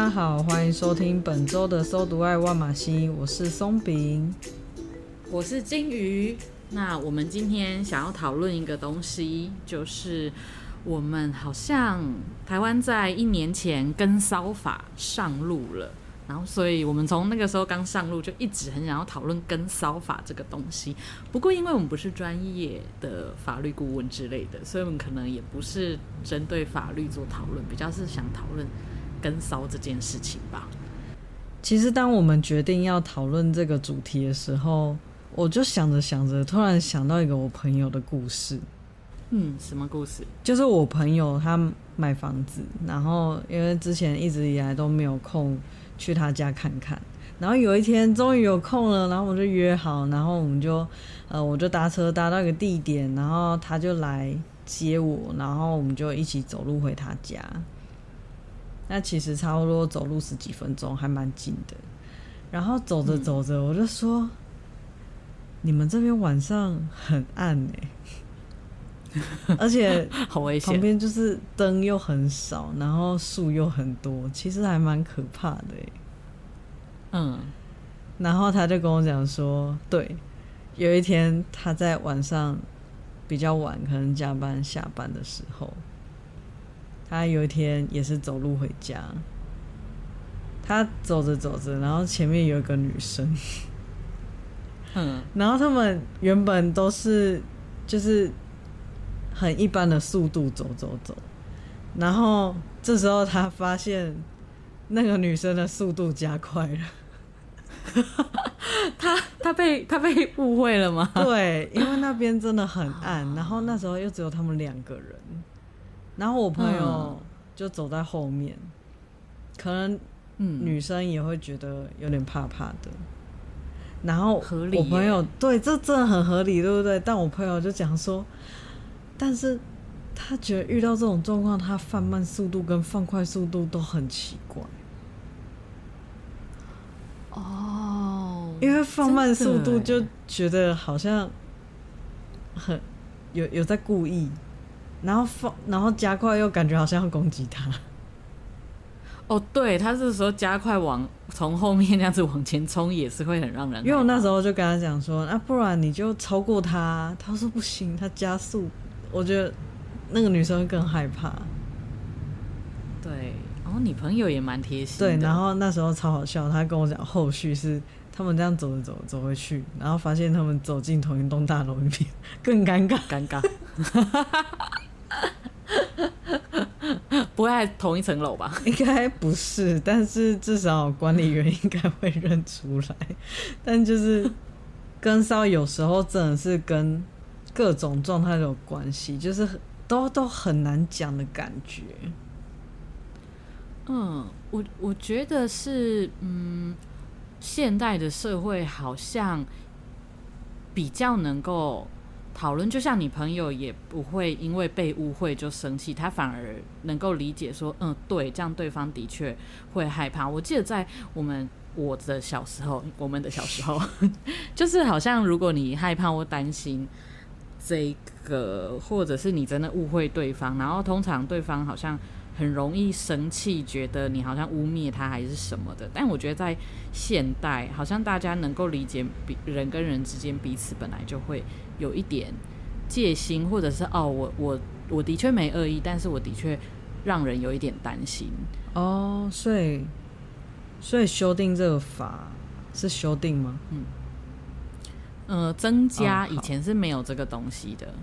大家好，歡迎收聽本周的《SoDoI》哇嘛母災。我是鬆餅，我是金魚。那我們今天想要討論一個東西，就是我們好像台灣在一年前跟騷法上路了，然後所以我們從那個時候剛上路就一直很想要討論跟騷法這個東西。不過因為我們不是專業的法律顧問之類的，所以我們可能也不是針對法律做討論，比較是想討論。跟騷這件事情吧。其實，當我們決定要討論這個主題的時候，我就想着想着，突然想到一個我朋友的故事。嗯，什麼故事？就是我朋友他買房子，然後因為之前一直以來都沒有空去他家看看，然後有一天終於有空了，然後我們就約好，然後我們就呃，我就搭車搭到一個地點，然後他就來接我，然後我們就一起走路回他家。那其實差不多走路十幾分鐘，還蠻近的。然後走着走着，我就說：“嗯、你們這邊晚上很暗哎， 而且好危險。旁邊就是燈又很少，然後樹又很多，其實還蠻可怕的。”嗯。然後他就跟我講說：“對，有一天他在晚上比較晚，可能加班下班的時候。”他有一天也是走路回家，他走着走着，然後前面有一個女生，嗯，然後他們原本都是就是很一般的速度走走走，然後這時候他發現那個女生的速度加快了， 他他被他被誤會了嗎？對，因為那邊真的很暗，然後那時候又只有他們兩個人。然後我朋友就走在後面，嗯、可能女生也會覺得有點怕怕的。嗯、然後我朋友對，這真的很合理，對不對？但我朋友就講說，但是他覺得遇到這種狀況，他放慢速度跟放快速度都很奇怪。哦，因為放慢速度就覺得好像很有有在故意。然後放，然後加快，又感覺好像要攻擊他。哦，對，他這時候加快往從後面那樣子往前衝，也是會很讓人。因為我那時候就跟他講說，那、啊、不然你就超過他、啊。他說不行，他加速，我覺得那個女生會更害怕。對，然後、哦、你朋友也蠻貼心。對，然後那時候超好笑，他跟我講後續是他們這樣走着走著走回去，然後發現他們走進同一棟大樓裡面，更尷尬，尷尷尬。哈哈哈哈哈。 不會在同一層樓吧？應該不是，但是至少管理員應該會認出來。 但就是跟騷有時候真的是跟各種狀態有關係，就是都都很難講的感覺。嗯，我我覺得是，嗯，現代的社會好像比較能夠。討論就像你朋友也不會因為被誤會就生氣，他反而能夠理解說：“嗯，對，這樣對方的確會害怕。”我記得在我們我的小時候，我們的小時候， 就是好像如果你害怕或擔心這個，或者是你真的誤會對方，然後通常對方好像很容易生氣，覺得你好像污衊他還是什麼的。但我覺得在現代，好像大家能夠理解比，比人跟人之間彼此本來就會。有一點戒心，或者是哦，我我我的確沒惡意，但是我的確讓人有一點擔心哦。所以，所以修訂這個法是修訂嗎？嗯，呃，增加以前是沒有這個東西的。哦，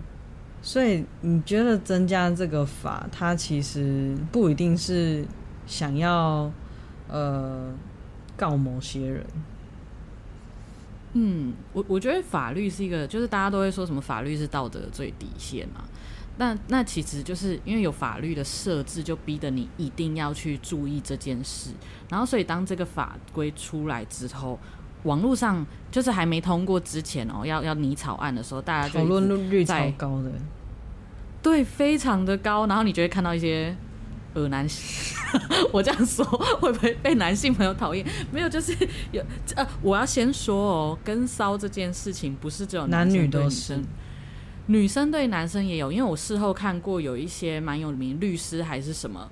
所以你覺得增加這個法，它其實不一定是想要呃告某些人。嗯，我我覺得法律是一個，就是大家都會說什麼法律是道德最底線嘛、啊。那那其實就是因為有法律的設置，就逼得你一定要去注意這件事。然後，所以當這個法規出來之後，網絡上就是還沒通過之前哦、喔，要要擬草案的時候，大家就討論率率超高的，對，非常的高。然後你就會看到一些。呃男， 我這樣說會不會被男性朋友討厭？沒有，就是有呃、啊，我要先說哦，跟騷這件事情不是只有男生對女生，男女都是，女生對男生也有，因為我事後看過有一些蠻有名律師還是什麼。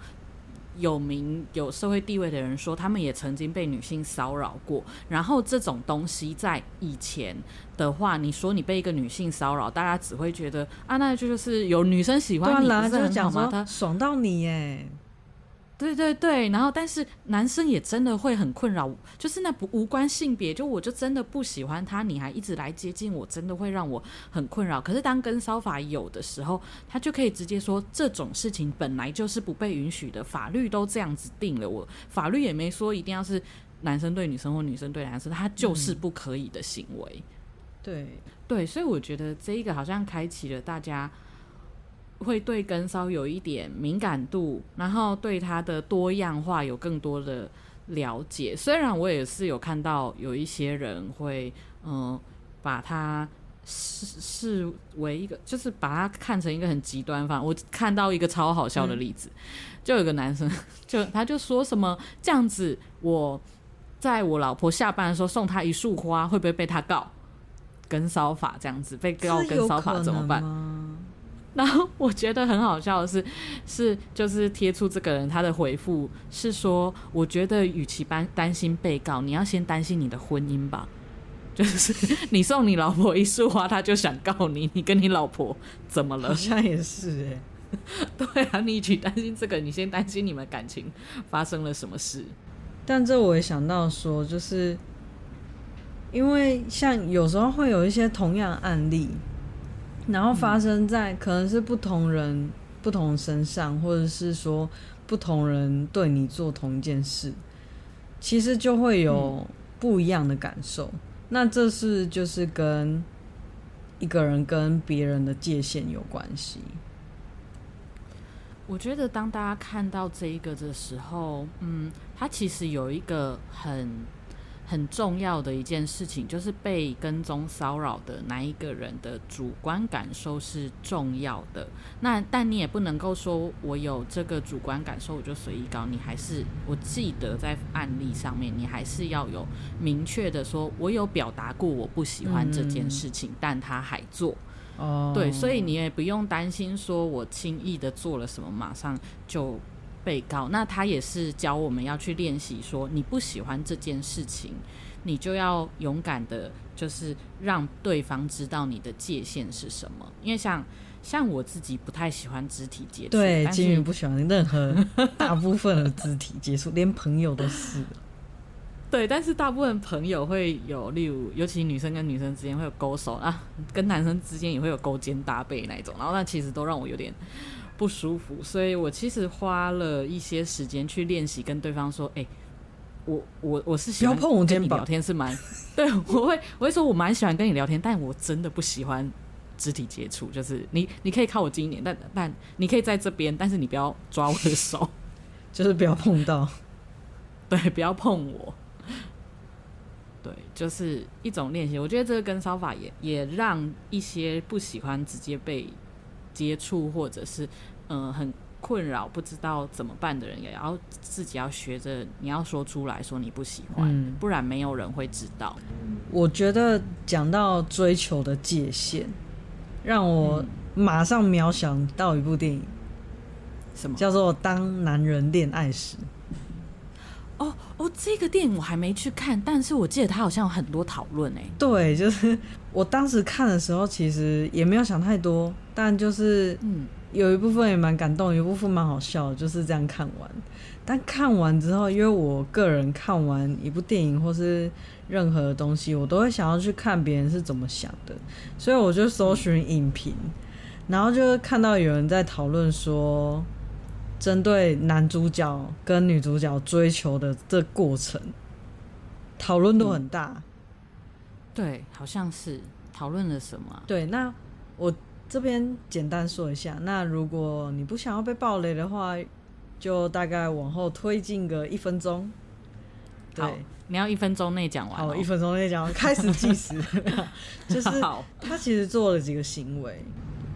有名有社會地位的人說，他們也曾經被女性騷擾過，然後這種東西在以前的話，你說你被一個女性騷擾，大家只會覺得啊，那就是有女生喜歡你啊，這樣講她爽到你耶。對對對，然後但是男生也真的會很困擾，就是那不無關性別，就我就真的不喜歡他，你還一直來接近我，真的會讓我很困擾。可是當跟騷法有的時候，他就可以直接說這種事情本來就是不被允許的，法律都這樣子定了，我法律也沒說一定要是男生對女生或女生對男生，他就是不可以的行為。嗯、對對，所以我覺得這一個好像開啟了大家，會對跟騷有一點敏感度，然後對他的多樣化有更多的了解。雖然我也是有看到有一些人會，嗯、呃，把他視視為一個，就是把他看成一個很極端方。我看到一個超好笑的例子，嗯、就有個男生，就他就說什麼這樣子，我在我老婆下班的時候送他一束花，會不會被他告跟騷法？這樣子被告跟騷法怎麼辦？然後我覺得很好笑的是，是就是貼出這個人他的回復是說，我覺得與其擔擔心被告，你要先擔心你的婚姻吧。就是你送你老婆一束花，他就想告你，你跟你老婆怎麼了？好像也是哎、欸， 對啊，你去擔心這個，你先擔心你們感情發生了什麼事。但這我也想到說，就是因為像有時候會有一些同樣的案例。然後發生在可能是不同人不同身上，嗯、或者是說不同人對你做同一件事，其實就會有不一樣的感受。嗯、那這是就是跟一個人跟別人的界限有關係。我覺得當大家看到這一個的時候，嗯，它其實有一個很。很重要的一件事情，就是被跟蹤騷擾的那一個人的主觀感受是重要的。那但你也不能夠說，我有這個主觀感受，我就隨意搞。你還是，我記得在案例上面，你還是要有明確的說，我有表達過我不喜歡這件事情，嗯、但他還做。哦，對，所以你也不用擔心，說我輕易的做了什麼，馬上就。被告，那他也是教我們要去練習，說你不喜歡這件事情，你就要勇敢的，就是讓對方知道你的界限是什麼。因為像像我自己不太喜歡肢體接觸，對，金雲是不喜歡任何大部分的肢體接觸， 連朋友都是。對，但是大部分朋友會有，例如，尤其女生跟女生之間會有勾手啊，跟男生之間也會有勾肩搭背那一種，然後那其實都讓我有點。不舒服，所以我其實花了一些時間去練習跟對方說：“哎、欸，我我我是喜歡，不要碰我肩膀，跟你聊天是蠻對，我會我會說，我蠻喜歡跟你聊天，但我真的不喜歡肢體接觸。就是你你可以靠我近一點，但但你可以在這邊，但是你不要抓我的手，就是不要碰到，對，不要碰我。對，就是一種練習。我覺得這個跟騷法也也讓一些不喜歡直接被。接觸或者是嗯、呃、很困擾不知道怎麼辦的人，也要自己要學着你要說出來說你不喜歡，嗯、不然沒有人會知道。我覺得講到追求的界限，讓我馬上秒想到一部電影，什麼、嗯、叫做當男人戀愛時？哦哦，這個電影我還沒去看，但是我記得它好像有很多討論哎，對，就是我當時看的時候，其實也沒有想太多。但就是，有一部分也蠻感動，有一部分蠻好笑的，就是這樣看完。但看完之後，因為我個人看完一部電影或是任何的東西，我都會想要去看別人是怎麼想的，所以我就搜尋影評，嗯、然後就看到有人在討論說，針對男主角跟女主角追求的這過程，討論度很大，嗯。對，好像是討論了什麼？對，那我。這邊簡單說一下，那如果你不想要被暴雷的話，就大概往後推進個一分鐘。對，你要一分鐘內講完喔。好，一分鐘內講完，開始計時。 就是他其實做了幾個行為，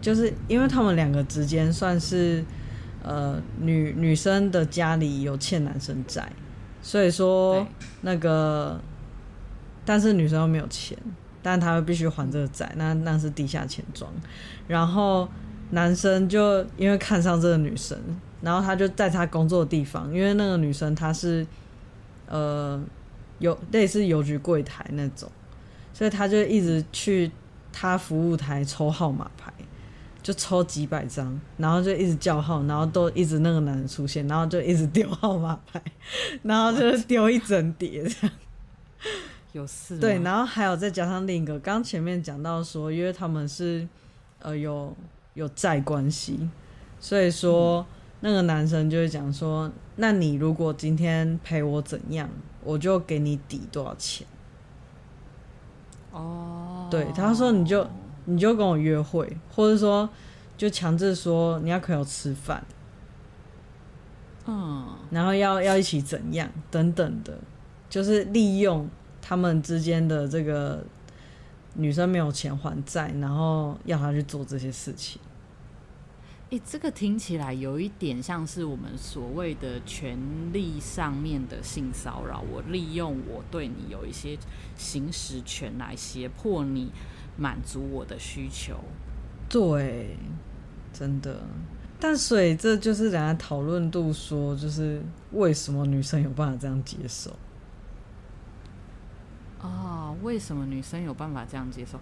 就是因為他們兩個之間算是，呃，女女生的家裡有欠男生債，所以說那個，對但是女生又沒有錢。但他必須還這個債，那那是地下錢莊。然後男生就因為看上這個女生，然後他就在他工作的地方，因為那個女生她是呃郵，類似郵局櫃台那種，所以他就一直去他服務台抽號碼牌，就抽幾百張，然後就一直叫號，然後都一直那個男人出現，然後就一直丟號碼牌，然後就丟一整疊這樣。.有四對，然後還有再加上另一個，剛前面講到說，因為他們是呃有有債關係，所以說、嗯、那個男生就會講說：“那你如果今天陪我怎樣，我就給你抵多少錢。”哦，對，他說：“你就你就跟我約會，或者說就強制說你要陪我吃飯。”嗯，然後要要一起怎樣等等的，就是利用。他們之間的這個女生沒有錢還債，然後要她去做這些事情。誒、欸，這個聽起來有一點像是我們所謂的權力上面的性騷擾。我利用我對你有一些行使權來脅迫你滿足我的需求。對，真的。但所以這就是人家討論度說，就是為什麼女生有辦法這樣接受？啊、哦，為什麼女生有辦法這樣接受？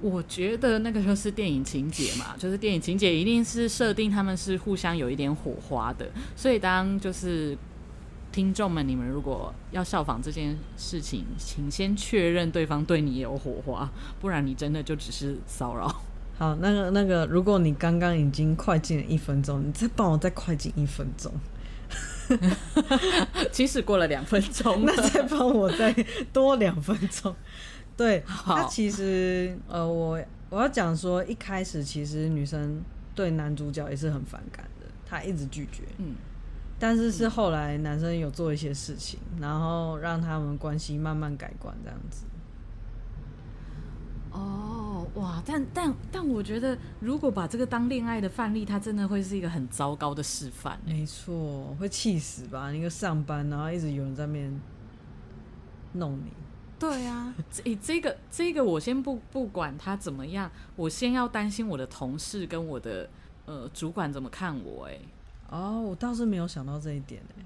我覺得那個就是電影情節嘛，就是電影情節一定是設定他們是互相有一點火花的。所以當就是聽眾們，你們如果要效仿這件事情，請先確認對方對你有火花，不然你真的就只是騷擾。好，那個那個，如果你剛剛已經快進了一分鐘，你再幫我再快進一分鐘。即使 其實過了兩分鐘， 那再幫我再多兩分鐘。對，好那其實，呃，我我要講說，一開始其實女生對男主角也是很反感的，她一直拒絕。嗯，但是是後來男生有做一些事情，嗯、然後讓他們關係慢慢改觀，這樣子。哦。哇，但但但我覺得，如果把這個當戀愛的範例，它真的會是一個很糟糕的示範、欸。沒錯，會氣死吧？你個上班，然後一直有人在那邊弄你。對啊，這這個這個，這個、我先不不管他怎麼樣，我先要擔心我的同事跟我的呃主管怎麼看我、欸。哎，哦，我倒是沒有想到這一點、欸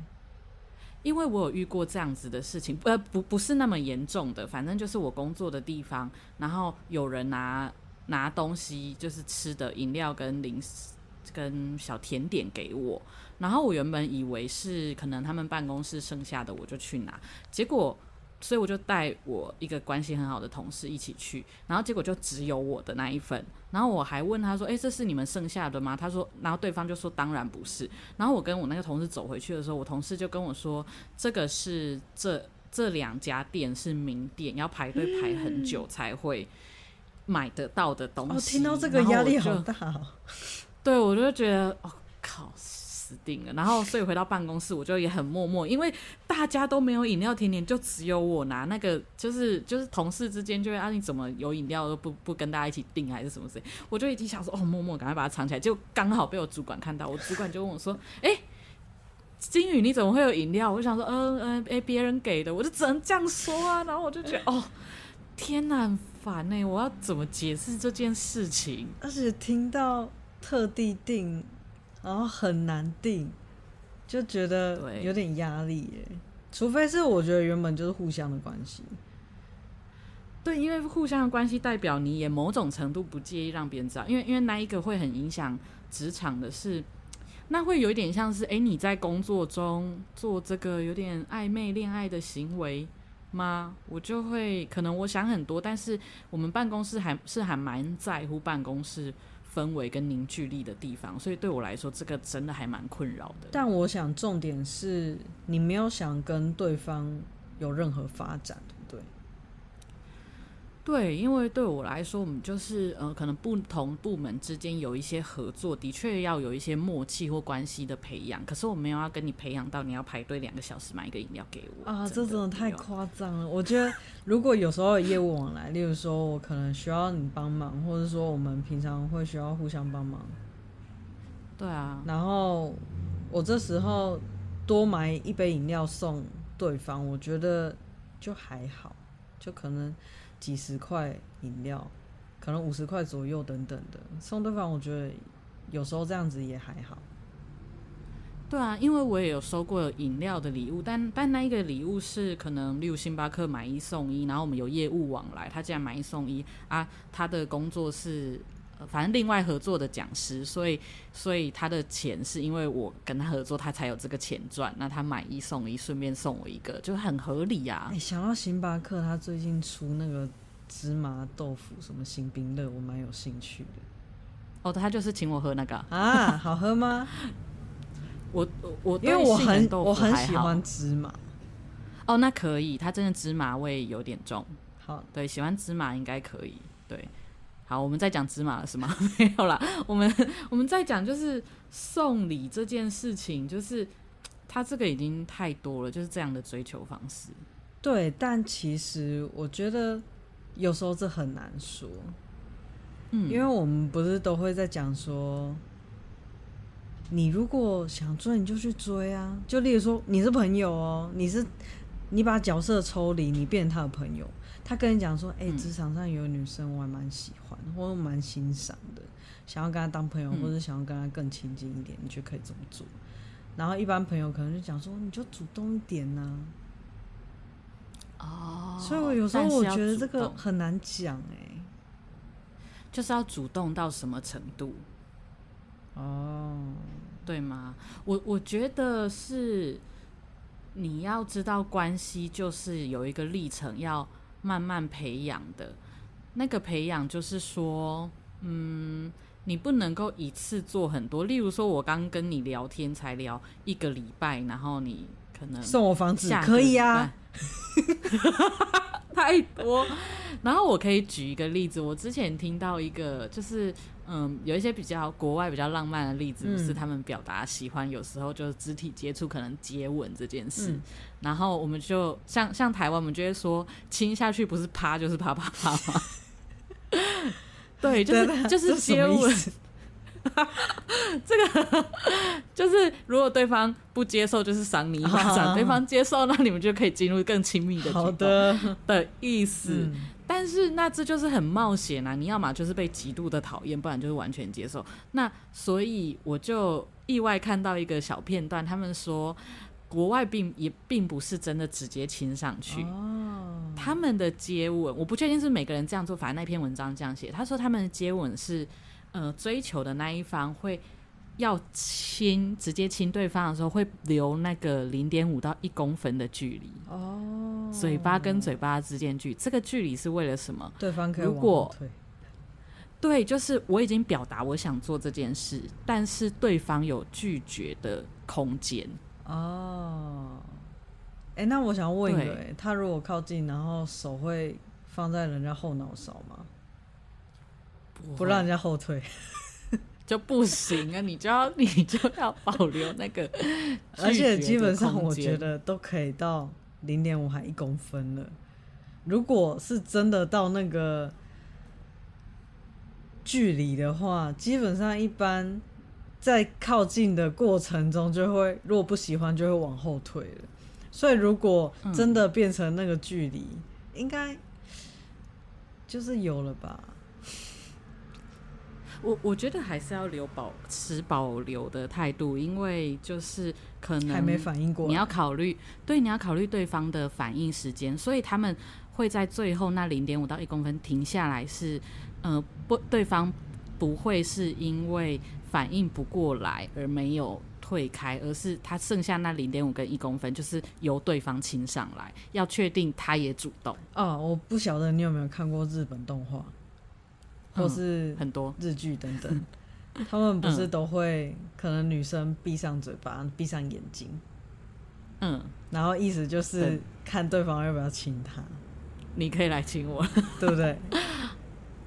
因為我有遇過這樣子的事情，呃，不，不是那麼嚴重的，反正就是我工作的地方，然後有人拿拿東西，就是吃的、飲料跟零食跟小甜點給我，然後我原本以為是可能他們辦公室剩下的，我就去拿，結果。所以我就帶我一個關係很好的同事一起去，然後結果就只有我的那一份。然後我還問他說：“誒、欸，這是你們剩下的嗎？”他說，然後對方就說：“當然不是。”然後我跟我那個同事走回去的時候，我同事就跟我說：“這個是這這兩家店是名店，要排隊排很久才會買得到的東西。哦”聽到這個壓力好大，我對我就覺得哦靠！指定的，然後所以回到辦公室，我就也很默默，因為大家都沒有飲料，天天就只有我拿那個，就是就是同事之間就會啊，你怎麼有飲料都不，不不跟大家一起訂、啊、還是什麼事我就已經想說哦，默默趕快把它藏起來，就剛好被我主管看到，我主管就問我說，哎、欸，金宇你怎麼會有飲料？我就想說，嗯、呃、嗯，哎、呃、別、欸、人給的，我就只能這樣說啊，然後我就覺得哦，天吶，很煩呢。我要怎麼解釋這件事情？而且聽到特地訂。然後很難定，就覺得有點壓力耶。對除非是我覺得原本就是互相的關係，對，因為互相的關係代表你也某種程度不介意讓別人知道，因為因為那一個會很影響職場的事。那會有一點像是誒，你在工作中做這個有點曖昧戀愛的行為嗎？我就會可能我想很多，但是我們辦公室還是還蠻在乎辦公室。氛圍跟凝聚力的地方，所以對我來說，這個真的還蠻困擾的。但我想，重點是你沒有想跟對方有任何發展。對，因為對我來說，我們就是呃，可能不同部門之間有一些合作，的確要有一些默契或關係的培養。可是我沒有要跟你培養到你要排隊兩個小時買一個飲料給我啊，真的這真的太誇張了。 我覺得如果有時候有業務往來，例如說我可能需要你幫忙，或者說我們平常會需要互相幫忙，對啊，然後我這時候多買一杯飲料送對方，我覺得就還好，就可能。幾十塊飲料，可能五十塊左右等等的送對方，我覺得有時候這樣子也還好。對啊，因為我也有收過飲料的禮物，但但那一個禮物是可能，例如星巴克買一送一，然後我們有業務往來，他竟然買一送一啊，他的工作是。反正另外合作的講師，所以所以他的錢是因為我跟他合作，他才有這個錢賺。那他買一送一，順便送我一個，就很合理呀。啊，欸。想到星巴克他最近出那個芝麻豆腐什麼新冰樂，我蠻有興趣的。哦，他就是請我喝那個啊。好喝嗎？ 我我因為我很我很喜歡芝麻。哦，那可以，他真的芝麻味有點重。好，對，喜歡芝麻應該可以。對。好，我們在講芝麻了是嗎？沒有啦，我們我們在講就是送禮這件事情，就是他這個已經太多了，就是這樣的追求方式。對，但其實我覺得有時候這很難說，嗯，因為我們不是都會在講說，你如果想追，你就去追啊。就例如說你是朋友哦、喔，你是你把角色抽離，你變成他的朋友。他跟你講說：“哎、欸，職場上有女生，我還蠻喜歡，我蠻、嗯、欣賞的，想要跟她當朋友，或者想要跟她更親近一點，嗯、你就可以這麼做。”然後一般朋友可能就講說：“你就主動一點呢、啊？”哦，所以我有時候我覺得這個很難講哎、欸，就是要主動到什麼程度？哦，對嗎？我我覺得是你要知道，關係就是有一個歷程要。慢慢培養的，那個培養就是說，嗯，你不能夠一次做很多。例如說，我剛跟你聊天才聊一個禮拜，然後你可能下個禮拜送我房子可以啊？ 太多。然後我可以舉一個例子，我之前聽到一個就是。嗯，有一些比較國外比較浪漫的例子，嗯、是他們表達喜歡，有時候就肢體接觸，可能接吻這件事。嗯、然後我們就像像台灣，我們就會說親下去不是啪就是啪啪啪嗎？ 對，就是了就是接吻。這， 這個 就是如果對方不接受，就是賞你一巴掌；啊、對方接受，那你們就可以進入更親密的階段的意思。的 但是那這就是很冒險啊！你要麼就是被極度的討厭，不然就是完全接受。那所以我就意外看到一個小片段，他們說國外並也並不是真的直接親上去。哦，他們的接吻，我不確定是，不是是不是每個人這樣做，反正那篇文章這樣寫，他說他們的接吻是，呃，追求的那一方會。要親，直接親對方的時候，會留那個零點五到一公分的距離哦，oh. 嘴巴跟嘴巴之間距，這個距離是為了什麼？對方可以往後退。如果對，就是我已經表達我想做這件事，但是對方有拒絕的空間哦。哎、oh. 欸，那我想問一個、欸，對他如果靠近，然後手會放在人家後腦勺嗎？不會，不讓人家後退。 就不行啊！你就要你就要保留那個，而且基本上我覺得都可以到零點五還一公分了。如果是真的到那個距離的話，基本上一般在靠近的過程中就會，如果不喜歡就會往後退了。所以如果真的變成那個距離，嗯、應該就是有了吧。我我覺得還是要留保持保留的態度，因為就是可能還沒反應過來，你要考慮對，你要考慮對方的反應時間，所以他們會在最後那零點五到一公分停下來是，是呃不，對方不會是因為反應不過來而沒有退開，而是他剩下那零點五跟一公分，就是由對方親上來，要確定他也主動。哦，我不曉得你有沒有看過日本動畫？或是很多日劇等等，嗯、 他們不是都會可能女生閉上嘴巴，嗯、閉上眼睛，嗯，然後意思就是看對方要不要親她，你可以來親我，對不對？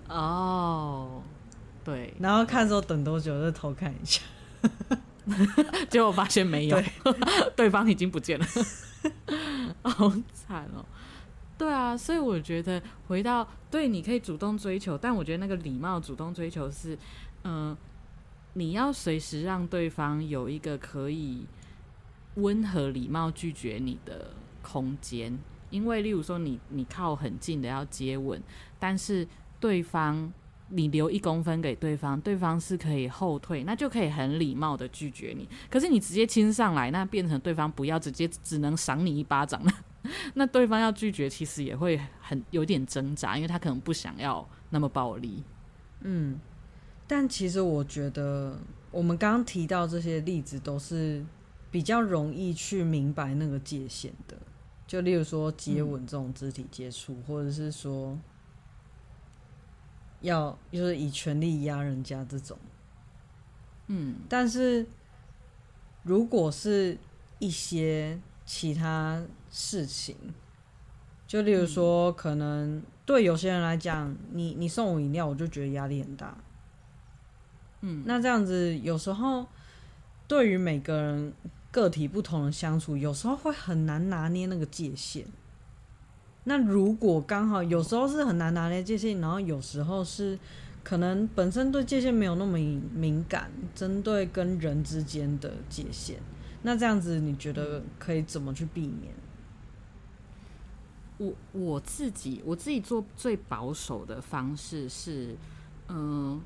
哦，對，然後看說等多久就偷看一下， 結果我發現沒有，對， 對方已經不見了， 好慘哦。對啊，所以我覺得回到對，你可以主動追求，但我覺得那個禮貌主動追求是，嗯、呃，你要隨時讓對方有一個可以溫和禮貌拒絕你的空間。因為例如說你，你你靠很近的要接吻，但是對方你留一公分給對方，對方是可以後退，那就可以很禮貌的拒絕你。可是你直接親上來，那變成對方不要，直接只能賞你一巴掌了。那對方要拒絕，其實也會很有點掙扎，因為他可能不想要那麼暴力。嗯，但其實我覺得，我們剛剛提到這些例子，都是比較容易去明白那個界限的。就例如說接吻這種肢體接觸，嗯、或者是說要就是以權力壓人家這種。嗯，但是如果是一些其他。事情，就例如說，可能對有些人來講，嗯、你你送我飲料，我就覺得壓力很大。嗯，那這樣子有時候對於每個人個體不同的相處，有時候會很難拿捏那個界限。那如果剛好有時候是很難拿捏界限，然後有時候是可能本身對界限沒有那麼敏感，針對跟人之間的界限，那這樣子你覺得可以怎麼去避免？我我自己我自己做最保守的方式是，嗯、呃，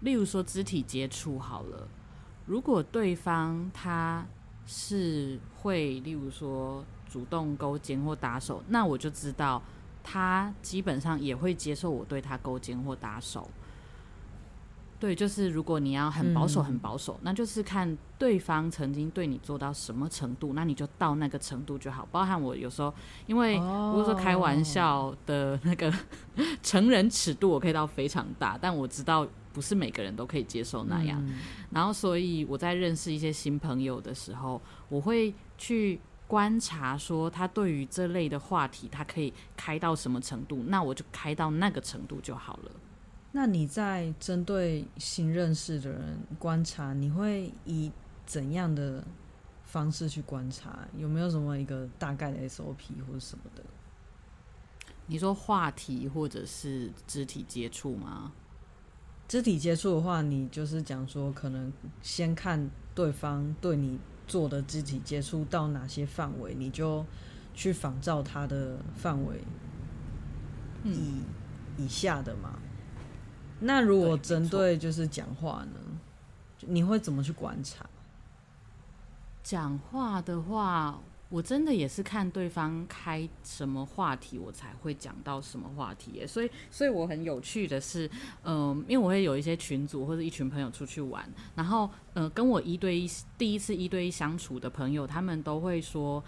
例如說肢體接觸好了，如果對方他是會，例如說主動勾肩或打手，那我就知道他基本上也會接受我對他勾肩或打手。對，就是如果你要很保守，很保守，嗯、那就是看對方曾經對你做到什麼程度，那你就到那個程度就好。包含我有時候，因為、哦、如果說開玩笑的那個成人尺度，我可以到非常大，但我知道不是每個人都可以接受那樣。嗯、然後，所以我在認識一些新朋友的時候，我會去觀察說他對於這類的話題，他可以開到什麼程度，那我就開到那個程度就好了。那你在針對新認識的人觀察，你會以怎樣的方式去觀察？有沒有什麼一個大概的 SOP 或者什麼的？你說話題或者是肢體接觸嗎？肢體接觸的話，你就是講說，可能先看對方對你做的肢體接觸到哪些範圍，你就去仿照他的範圍，以、嗯、以下的嘛。那如果針對就是講話呢，你會怎麼去觀察？講話的話，我真的也是看對方開什麼話題，我才會講到什麼話題耶。所以，所以我很有趣的是，嗯、呃，因為我會有一些群組或者一群朋友出去玩，然後，呃，跟我一對一第一次一對一相處的朋友，他們都會說。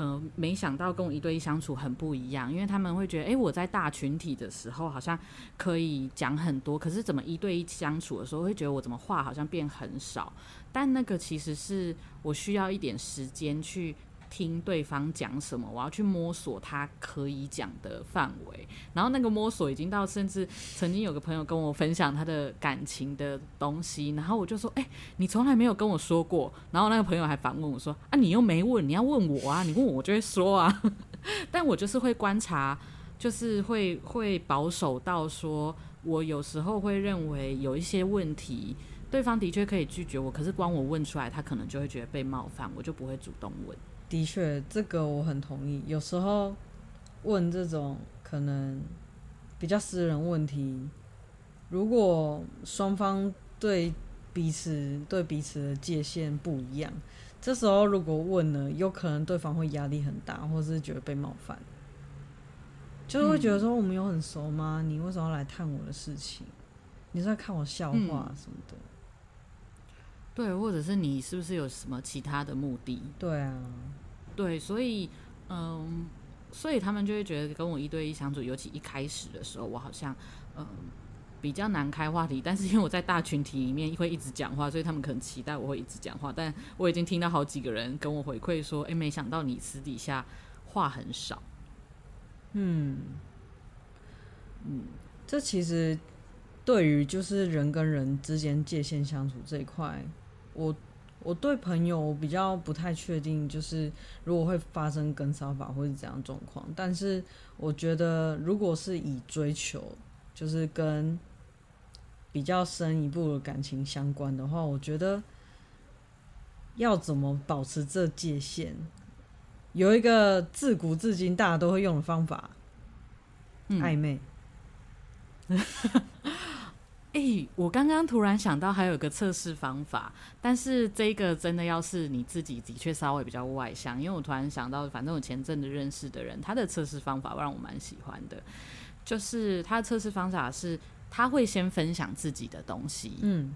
呃，沒想到跟我一對一相處很不一樣，因為他們會覺得，哎、欸，我在大群體的時候好像可以講很多，可是怎麼一對一相處的時候會覺得我怎麼話好像變很少？但那個其實是我需要一點時間去。聽對方講什麼，我要去摸索他可以講的範圍，然後那個摸索已經到，甚至曾經有個朋友跟我分享他的感情的東西，然後我就說，欸，你從來沒有跟我說過。然後那個朋友還反問我說，啊，你又沒問，你要問我啊，你問我我就會說啊。 但我就是會觀察，就是會會保守到說，我有時候會認為有一些問題，對方的確可以拒絕我，可是光我問出來，他可能就會覺得被冒犯，我就不會主動問。的確，這個我很同意。有時候問這種可能比較私人問題，如果雙方對彼此對彼此的界限不一樣，這時候如果問了，有可能對方會壓力很大，或是覺得被冒犯，就是會覺得說我們有很熟嗎？你為什麼要來探我的事情？你是在看我笑話什麼的？嗯對，或者是你是不是有什麼其他的目的？對啊，對，所以嗯，所以他們就會覺得跟我一對一相處，尤其一開始的時候，我好像嗯比較難開話題。但是因為我在大群體裡面會一直講話，所以他們可能期待我會一直講話。但我已經聽到好幾個人跟我回饋說：“哎、欸，沒想到你私底下話很少。”嗯嗯，嗯這其實對於就是人跟人之間界限相處這一塊。我我對朋友我比較不太確定，就是如果會發生跟騷法或是怎樣狀況，但是我覺得如果是以追求就是跟比較深一步的感情相關的話，我覺得要怎麼保持這界限，有一個自古至今大家都會用的方法，曖、嗯、曖昧。 哎、欸，我剛剛突然想到還有一個測試方法，但是這個真的要是你自己的確稍微比較外向，因為我突然想到，反正我前陣子認識的人，他的測試方法讓我蠻喜歡的，就是他的測試方法是他會先分享自己的東西，嗯，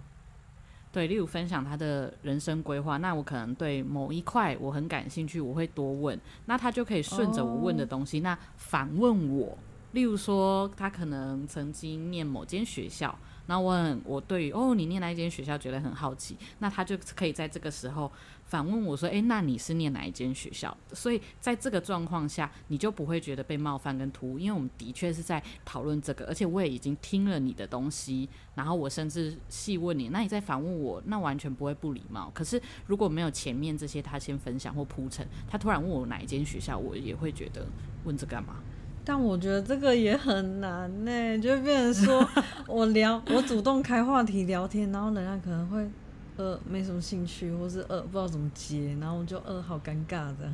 對，例如分享他的人生規劃，那我可能對某一塊我很感興趣，我會多問，那他就可以順着我問的東西，哦、那反問我，例如說他可能曾經念某間學校。那問我，我對於哦，你念哪一間學校，覺得很好奇，那他就可以在這個時候反問我說，誒，那你是念哪一間學校？所以在這個狀況下，你就不會覺得被冒犯跟突兀，因為我們的確是在討論這個，而且我也已經聽了你的東西，然後我甚至細問你，那你再反問我，那完全不會不禮貌。可是如果沒有前面這些，他先分享或鋪陳，他突然問我哪一間學校，我也會覺得問這幹嘛。但我覺得這個也很難呢、欸，就變成說我聊， 我主動開話題聊天，然後人家可能會，呃，沒什麼興趣，或是呃，不知道怎麼接，然後我就呃，好尷尬的。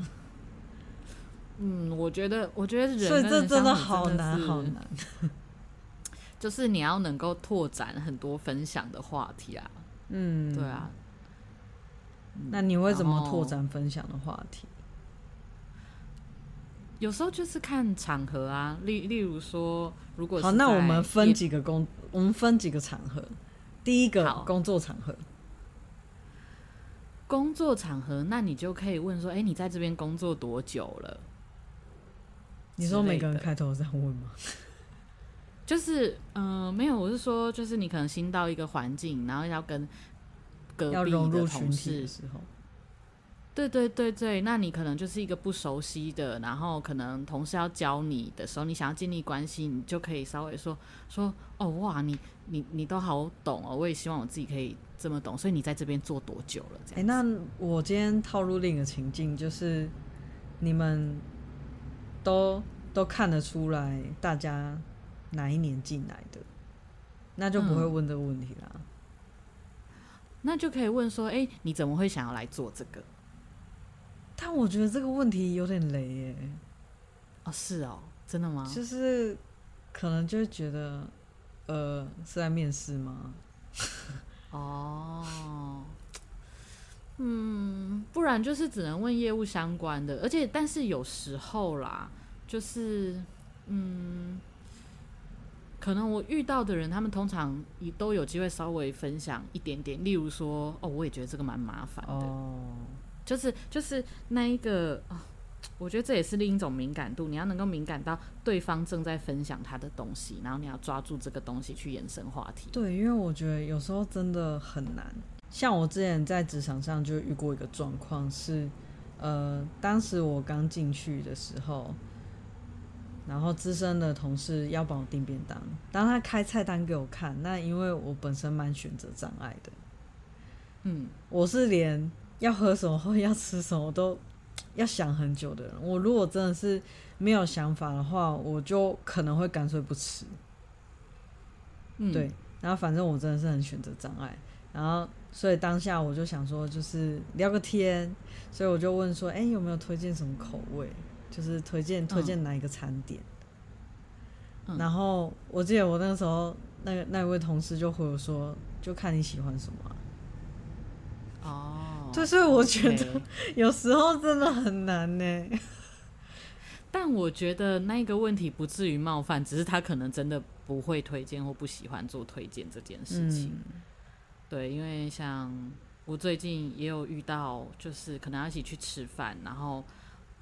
嗯，我覺得，我覺得人，人，所以這真的好難，好難。 就是你要能夠拓展很多分享的話題啊。嗯，對啊。嗯、那你會怎麼拓展分享的話題？有時候就是看場合啊，例例如說，如果是在，好，那我們分幾個工，yeah, 我們分幾個場合。第一個工作場合，工作場合，工作場合，那你就可以問說，哎、欸，你在這邊工作多久了？你說每個人開頭都這樣問嗎？就是，嗯、呃，沒有，我是說，就是你可能新到一個環境，然後要跟隔壁的同事，要融入群體的時候。對對對對，那你可能就是一個不熟悉的，然後可能同事要教你的時候，你想要建立關係，你就可以稍微說說哦，哇，你你你都好懂哦，我也希望我自己可以這麼懂。所以你在這邊做多久了？這樣？哎、欸，那我今天套路另一個情境就是，你們都都看得出來大家哪一年進來的，那就不會問這個問題啦。嗯。那就可以問說，哎、欸，你怎麼會想要來做這個？但我覺得這個問題有點雷耶，啊、哦，是哦，真的嗎？就是，可能就是覺得，呃，是在面試嗎？ 哦，嗯，不然就是只能問業務相關的，而且但是有時候啦，就是嗯，可能我遇到的人，他們通常也都有機會稍微分享一點點，例如說，哦，我也覺得這個蠻麻煩的哦。就是就是那一個，哦，我覺得這也是另一種敏感度。你要能夠敏感到對方正在分享他的東西，然後你要抓住這個東西去延伸話題。對，因為我覺得有時候真的很難。像我之前在職場上就遇過一個狀況是，是呃，當時我剛進去的時候，然後資深的同事要幫我訂便當，當他開菜單給我看，那因為我本身蠻選擇障礙的，嗯，我是連，要喝什麼或者要吃什麼，都要想很久的人。我如果真的是沒有想法的話，我就可能會乾脆不吃。嗯，對，然後反正我真的是很選擇障礙，然後所以當下我就想說，就是聊個天，所以我就問說，哎，欸，有沒有推薦什麼口味？就是推薦推薦哪一個餐點？嗯，然後我記得我那時候那個那位同事就回我說，就看你喜歡什麼啊？就是我覺得有時候真的很難呢、哦，okay、但我覺得那個問題不至於冒犯，只是他可能真的不會推薦或不喜歡做推薦這件事情。嗯、對，因為像我最近也有遇到，就是可能要一起去吃飯，然後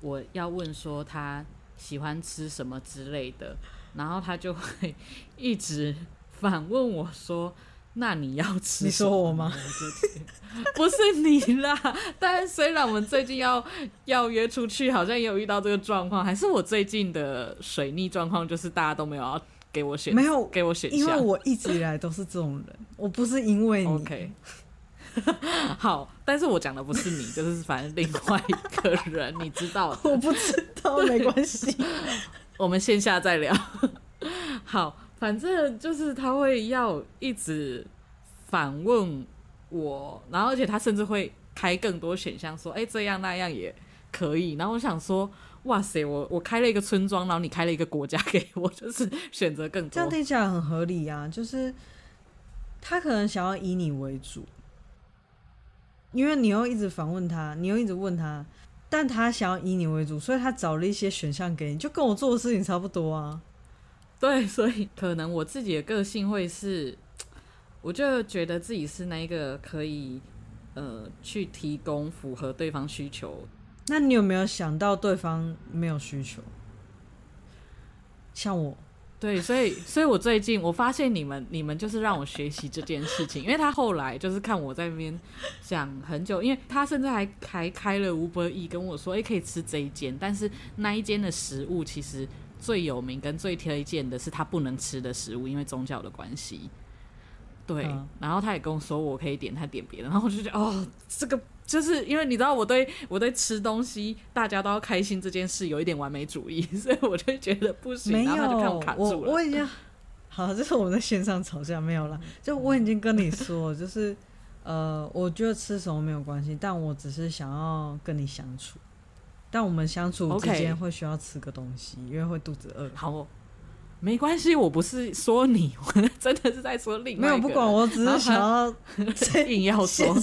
我要問說他喜歡吃什麼之類的，然後他就會一直反問我說。那你要吃？你說我嗎？ 不是你啦。但雖然我們最近要要約出去，好像也有遇到這個狀況，還是我最近的水逆狀況，就是大家都沒有要給我選，沒有給我選，因為我一直以來都是這種人。 我不是因為你。OK， 好，但是我講的不是你，就是反正另外一個人，你知道？ 我不知道，沒關係， 我們線下再聊。 好。反正就是他會要一直反問我，然後而且他甚至會開更多選項，說，欸，哎，這樣那樣也可以。然後我想說，哇塞，我我開了一個村莊，然後你開了一個國家給我，就是選擇更多。這樣聽起來很合理啊，就是他可能想要以你為主，因為你又一直反問他，你又一直問他，但他想要以你為主，所以他找了一些選項給你，就跟我做的事情差不多啊。對，所以可能我自己的個性會是，我就覺得自己是那一個可以，呃，去提供符合對方需求。那你有沒有想到對方沒有需求？像我，對，所以，所以我最近我發現你們，你們就是讓我學習這件事情， 因為他後來就是看我在那邊想很久，因為他甚至還開還開了 Uber Eats 跟我說，哎、欸，可以吃這一間，但是那一間的食物其實。最有名跟最推薦的是他不能吃的食物，因為宗教的關係。對，然後他也跟我說，我可以點，他點別的，然後我就覺得哦，這個就是因為你知道，我對我對吃東西，大家都要開心這件事有一點完美主義，所以我就覺得不行。然後他就看我卡住了。沒有，我我已經好，這是我們在線上吵架沒有了，就我已經跟你說， 就是呃，我覺得吃什麼沒有關係，但我只是想要跟你相處。但我們相處之間會需要吃個東西，okay, 因為會肚子餓。好，沒關係，我不是說你，我真的是在說另外沒有不管，我只是想要硬要說，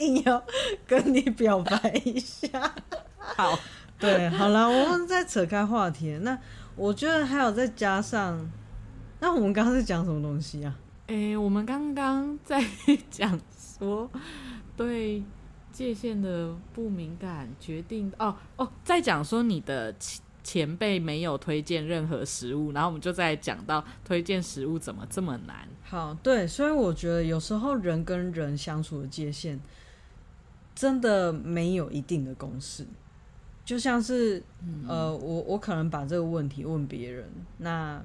硬要跟你表白一下。 好，對，好了，我們再扯開話題。那我覺得還有再加上，那我們剛剛是講什麼東西啊？哎、欸，我們剛剛在講說對。界限的不敏感決定哦哦，再講說你的前前輩沒有推薦任何食物，然後我們就再講到推薦食物怎麼這麼難。好，對，所以我覺得有時候人跟人相處的界限真的沒有一定的公式，就像是、嗯、呃，我我可能把這個問題問別人那，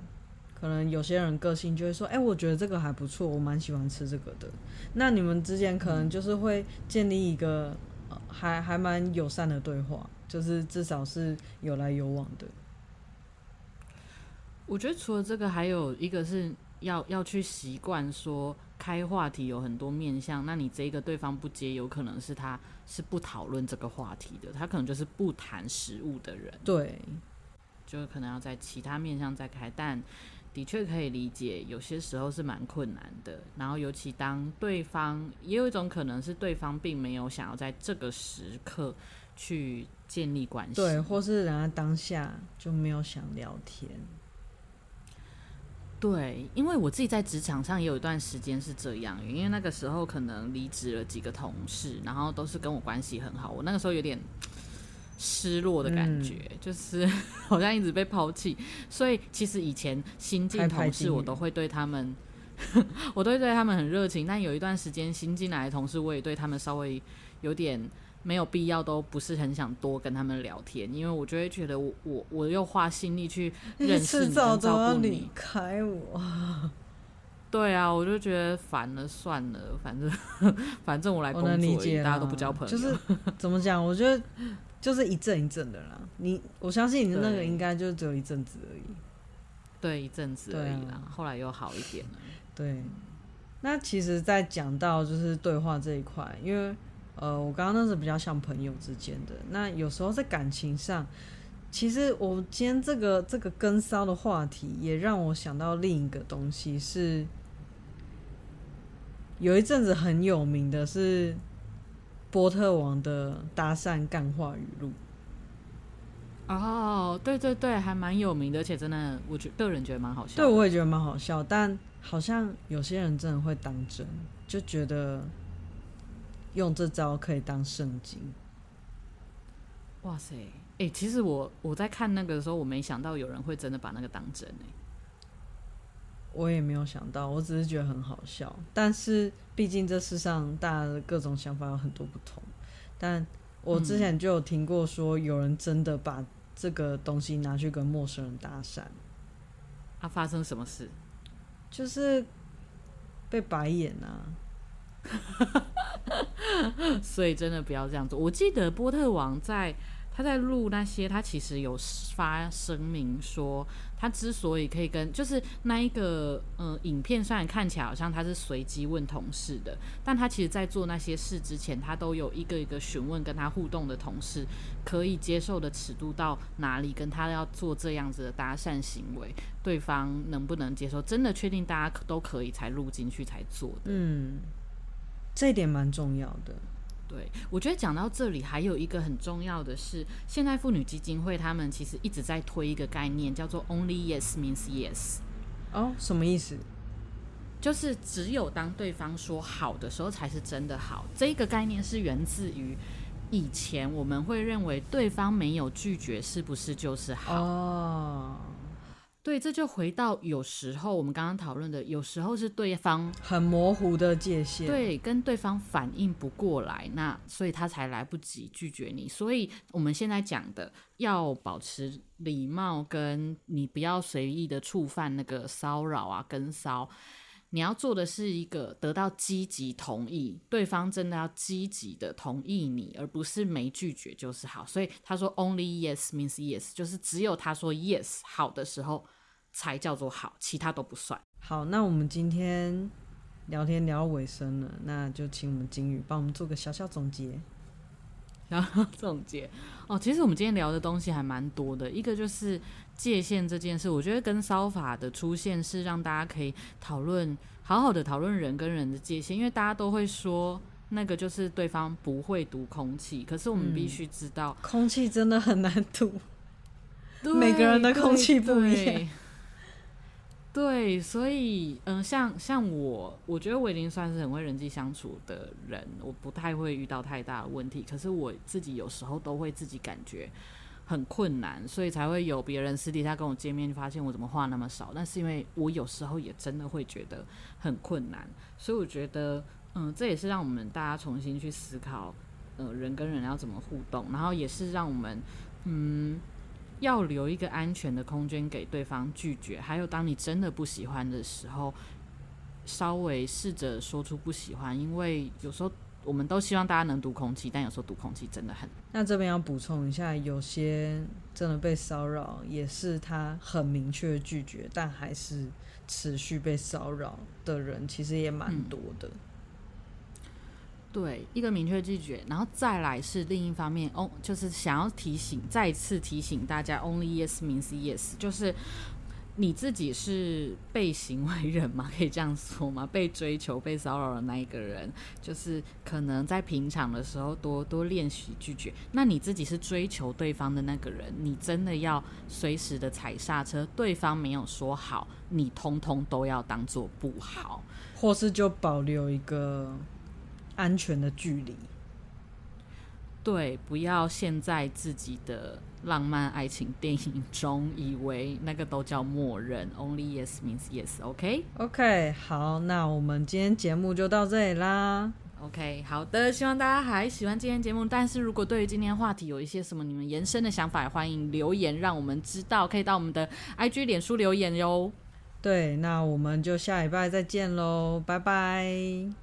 可能有些人個性就會說：“哎、欸，我覺得這個還不錯，我蠻喜歡吃這個的。”那你們之間可能就是會建立一個、嗯呃、還還蠻友善的對話，就是至少是有來有往的。我覺得除了這個，還有一個是要要去習慣說開話題有很多面向。那你這個對方不接，有可能是他是不討論這個話題的，他可能就是不談食物的人。對，就可能要在其他面向再開，但。的確可以理解，有些時候是蠻困難的。然後，尤其當對方也有一種可能是對方並沒有想要在這個時刻去建立關係，對，或是人家當下就沒有想聊天。對，因為我自己在職場上也有一段時間是這樣，因為那個時候可能離職了幾個同事，然後都是跟我關係很好，我那個時候有點。失落的感覺，嗯、就是好像一直被拋棄。所以其實以前新進同事，我都會對他們，拍拍 我都會對他們很熱情。但有一段時間新進來的同事，我也對他們稍微有點沒有必要，都不是很想多跟他們聊天，因為我就會覺得我我我又花心力去認識你，照顧你，遲早要離開我。 對啊，我就覺得煩了，算了，反正反正我來工作，oh, 大家都不交朋友，就是怎麼講，我覺得。就是一陣一陣的啦，你我相信你的那個應該就只有一陣子而已，對，對，一陣子而已啦，後來又好一點了。對，那其實，在講到就是對話這一塊，因為呃，我剛剛那是比較像朋友之間的，那有時候在感情上，其實我們今天這個這個更騷的話題，也讓我想到另一個東西是，是有一陣子很有名的是。波特王的搭訕幹話語錄。哦，oh, 對對對，還蠻有名的，而且真的，我覺個人覺得蠻好笑。對，我也覺得蠻好笑，但好像有些人真的會當真，就覺得用這招可以當聖經。哇塞！誒、欸，其實我我在看那個的時候，我沒想到有人會真的把那個當真、欸。我也沒有想到，我只是覺得很好笑。但是畢竟這世上大家的各種想法有很多不同，但我之前就有聽過說有人真的把這個東西拿去跟陌生人搭訕，嗯，啊，發生什麼事？就是被白眼了、啊。 所以真的不要這樣做。我記得波特王在，他在錄那些，他其實有發聲明說，他之所以可以跟，就是那一個呃，影片雖然看起來好像他是隨機問同事的，但他其實，在做那些事之前，他都有一個一個詢問跟他互動的同事，可以接受的尺度到哪裡，跟他要做這樣子的搭訕行為，對方能不能接受，真的確定大家都可以才錄進去才做的。嗯，這點蠻重要的。對，我覺得講到這裡還有一個很重要的是，現代婦女基金會他們其實一直在推一個概念，叫做 “Only Yes Means Yes”。哦，什麼意思？就是只有當對方說好的時候，才是真的好。這一個概念是源自於以前我們會認為對方沒有拒絕，是不是就是好？哦。對，這就回到有時候我們剛剛討論的，有時候是對方很模糊的界限，對，跟對方反應不過來，那所以他才來不及拒絕你。所以我們現在講的要保持禮貌，跟你不要隨意的觸犯那個騷擾啊跟，跟騷。你要做的是一個得到積極同意，對方真的要積極的同意你，而不是沒拒絕就是好。所以他說，Only Yes Means Yes，就是只有他說 yes 好的時候才叫做好，其他都不算。好，那我們今天聊天聊尾聲了，那就請我們金宇幫我們做個小小總結。然後總結哦，其實我們今天聊的東西還蠻多的。一個就是界限這件事，我覺得跟騷法的出現是讓大家可以討論，好好的討論人跟人的界限，因為大家都會說那個就是對方不會讀空氣，可是我們必須知道，嗯、空氣真的很難讀，對每個人的空氣不一樣。對對對。對，所以嗯、呃，像像我，我覺得我已經算是很會人際相處的人，我不太會遇到太大的問題。可是我自己有時候都會自己感覺很困難，所以才會有別人私底下跟我見面，發現我怎麼話那麼少。但是因為我有時候也真的會覺得很困難，所以我覺得嗯、呃，這也是讓我們大家重新去思考，呃，人跟人要怎麼互動，然後也是讓我們嗯。要留一個安全的空間給對方拒絕，還有當你真的不喜歡的時候，稍微試着說出不喜歡，因為有時候我們都希望大家能讀空氣，但有時候讀空氣真的很……那這邊要補充一下，有些真的被騷擾，也是他很明確拒絕，但還是持續被騷擾的人，其實也蠻多的。嗯。對，一個明確拒絕，然後再來是另一方面，哦，oh，就是想要提醒，再次提醒大家，Only Yes Means Yes，就是你自己是被行為人嗎？可以這樣說嗎？被追求、被騷擾的那一個人，就是可能在平常的時候多多練習拒絕。那你自己是追求對方的那個人，你真的要隨時的踩剎車。對方沒有說好，你通通都要當做不好，或是就保留一個。安全的距離。對，不要陷在自己的浪漫愛情電影中以為那個都叫默認，Only Yes means Yes，OK？OK，、okay? okay, 好，那我們今天節目就到這裡啦。OK，好的，希望大家還喜歡今天節目。但是如果對於今天話題有一些什麼你們延伸的想法，歡迎留言讓我們知道，可以到我們的 IG、臉書留言喲。對，那我們就下禮拜再見嘍，拜拜。